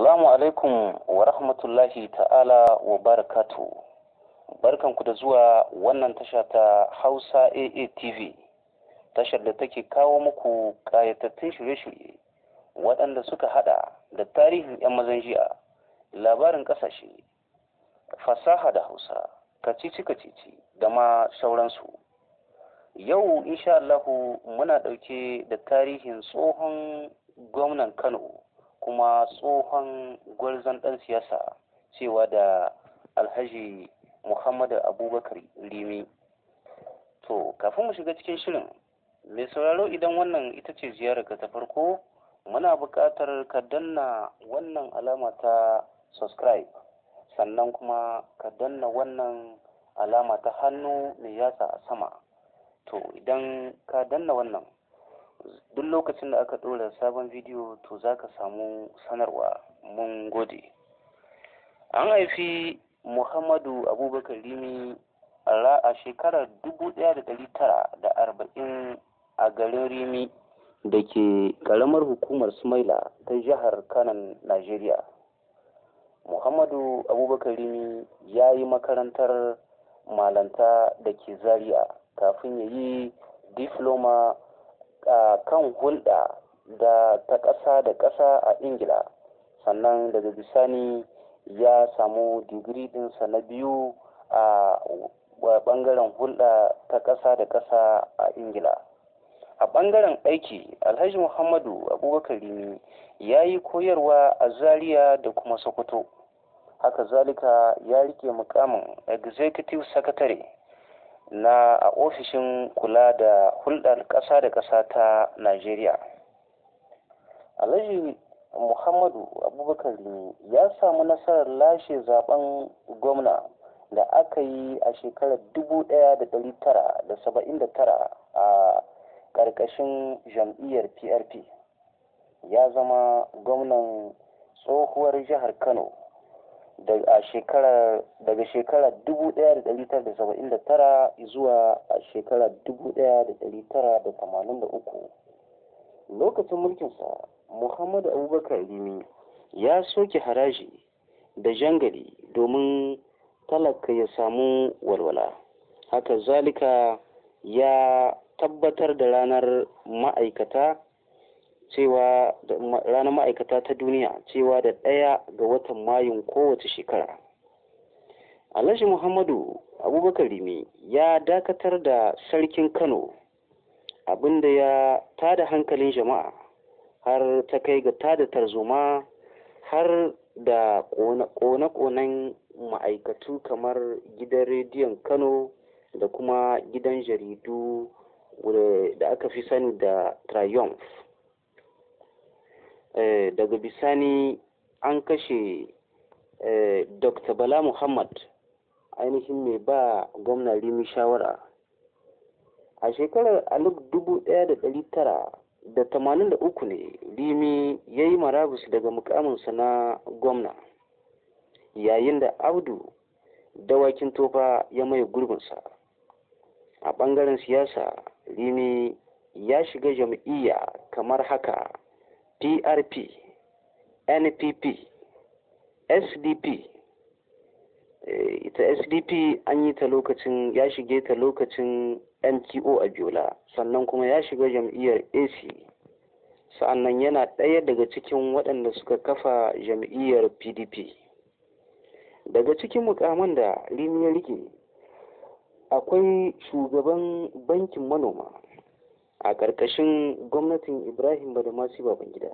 Assalamu alaikum wa rahmatullahi ta'ala wa barakatu. Barkanku da zuwa wannan tasha ta Hausa AA TV, tashar da take kawo muku ƙayatattun shirye-shirye waɗanda suka haɗa da tarihin 'yan mazan jiya, labarin ƙasashe, fasaha da Hausa, kacici-kacici da ma sauransu. Yau, insha Allahu, muna ɗauke da tarihin tsohon gwamnan Kano. kuma tsohon gwarzon ɗan siyasa cewa da alhaji muhammadu abubakar limi to kafin mu shiga cikin shirin mai sauraro idan wannan ita ce ziyararka ta farko muna buƙatar ka danna wannan alama ta subscribe sannan kuma ka danna wannan alama ta hannu mai yatsa a sama to idan ka danna wannan duk lokacin da aka ɗora sabon bidiyo to za ka samu sanarwa mun gode an haifi muhammadu abubakar limi a shekarar dubu ɗaya da da tara arba'in a garin rimi da ke ƙaramar hukumar sumaila ta jihar kanan najeriya muhammadu abubakar rimi ya yi makarantar malanta da ke zaria kafin ya yi difloma kan hulɗa da ta ƙasa da ƙasa a ingila sannan daga bisani ya samu digiri ɗinsa na biyu a ɓangaren hulɗa ta ƙasa da ƙasa a ingila a ɓangaren aiki alhaji muhammadu abubakar rimi ya yi koyarwa a zaria da kuma sokoto haka zalika ya rike mukamin executive secretary na a ofishin kula da hulɗar ƙasa da ƙasa ta najeriya alhaji muhammadu abubakar ne ya samu nasarar lashe zaben gwamna da aka yi a shekarar tara a ƙarƙashin jam'iyyar prp ya zama gwamnan tsohuwar jihar kano daga shekarar 1979 zuwa a shekarar 1983 lokacin mulkinsa muhammadu abubakar rimi ya soke haraji da jangali domin talaka ya samu walwala haka zalika ya tabbatar da ranar ma'aikata cewa ranar ma'aikata ta duniya cewa da ɗaya ga watan mayun kowace shekara alhaji muhammadu abubakar rimi ya dakatar da sarkin kano abinda ya tada hankalin jama'a har ta kai ga tada tarzoma har da kone-konen ma'aikatu kamar gidan rediyon kano da kuma gidan jaridu eh, da aka fi sani da triumph Eh, daga bisani an kashe eh, dr bala muhammad ainihin mai ba gwamna rimi shawara a shekarar alif dubu ɗaya da dari tara da tamanin da uku ne rimi ya yi marabus daga mukaminsa na gwamna yayin da abdu dawakin tofa ya maye gurbinsa a ɓangaren siyasa rimi ya shiga jam'iyya kamar haka PRP, NPP, SDP. Eh, ita SDP an yi ta lokacin ya shige ta lokacin MTO biola sannan kuma ya shiga jam'iyyar AC. sa'annan yana ɗaya daga cikin waɗanda suka kafa jam'iyyar PDP. Daga cikin mukamman da Rimi ya rike akwai shugaban bankin manoma. a ƙarƙashin gwamnatin ibrahim badamasi babangida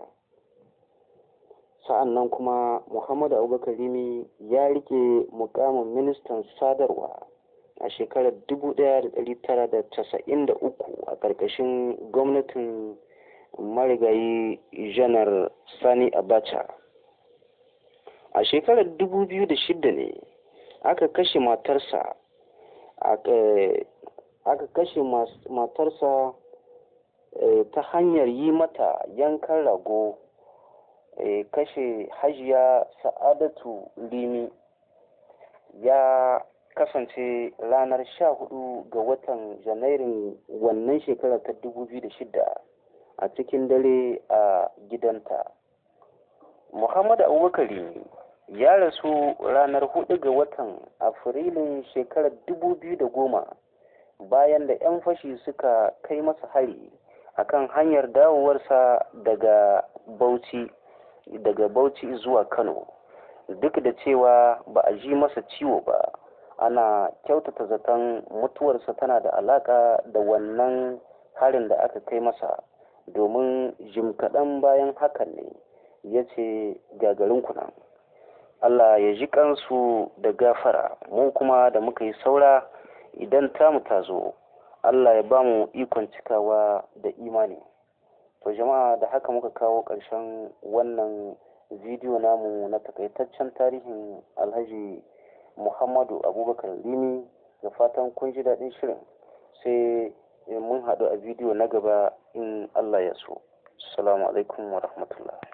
sa'an nan kuma muhammadu abubakar rimi ya rike mukamin ministan sadarwa a shekarar 1993 a ƙarƙashin gwamnatin marigayi janar sani abacha a shekarar 2006 ne aka kashe matarsa eh, aka kashe matarsa ta hanyar yi mata yankan rago e kashe hajiya sa'adatu limi ya kasance ranar sha hudu ga watan janairun wannan shekarar ta 2006 a cikin dare a gidanta muhammadu abubakari ya rasu ranar hudu ga watan afrilun shekarar 2010 bayan da 'yan fashi suka kai masa hari akan hanyar dawowarsa daga Bauchi daga Bauchi zuwa Kano duk da cewa ba a ji masa ciwo ba ana kyautata zaton mutuwarsa tana da alaka da wannan harin da aka kai masa domin jim kaɗan bayan hakan ne ya ce gagarin nan Allah ya ji kansu da gafara mu kuma da muka yi saura idan tamu ta zo Allah ya ba mu ikon cikawa da imani. To jama'a da haka muka kawo ƙarshen wannan bidiyo namu na takaitaccen tarihin Alhaji Muhammadu Abubakar lini da fatan kun ji daɗin shirin sai mun haɗu a bidiyo na gaba in Allah ya so. Assalamu alaikum wa rahmatullah.